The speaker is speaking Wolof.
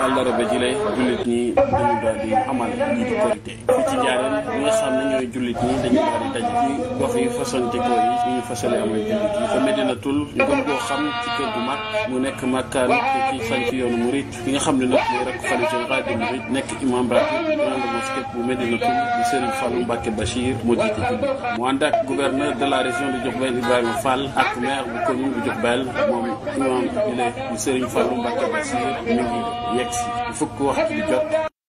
àllarba ji lay jullit ñi dañu daal di amal lii di korité fii ci ñi nga xam ne ñooy jullit ñi dañu daal di daje ci gox yi façon ci yi ñu fasale amal jullit yi jàllatul ñu gën koo xam ci kër gu mag mu nekk makkaan ci sañ ci yoonu murid bi nga xam ne nag mooy rek xalifa général des mourides nekk imam ratib grande mosquée bu Médinatoul bu Serigne Fallou Mbacké Bachir moo jiite julli mu ànd ak gouverneur de la région de Diourbel Ibrahima Fall ak maire bu commune bu Diourbel moom imam bile bu Serigne Fallou Mbacké Bachir ñu ngi yegg si fukk waxtu bi jot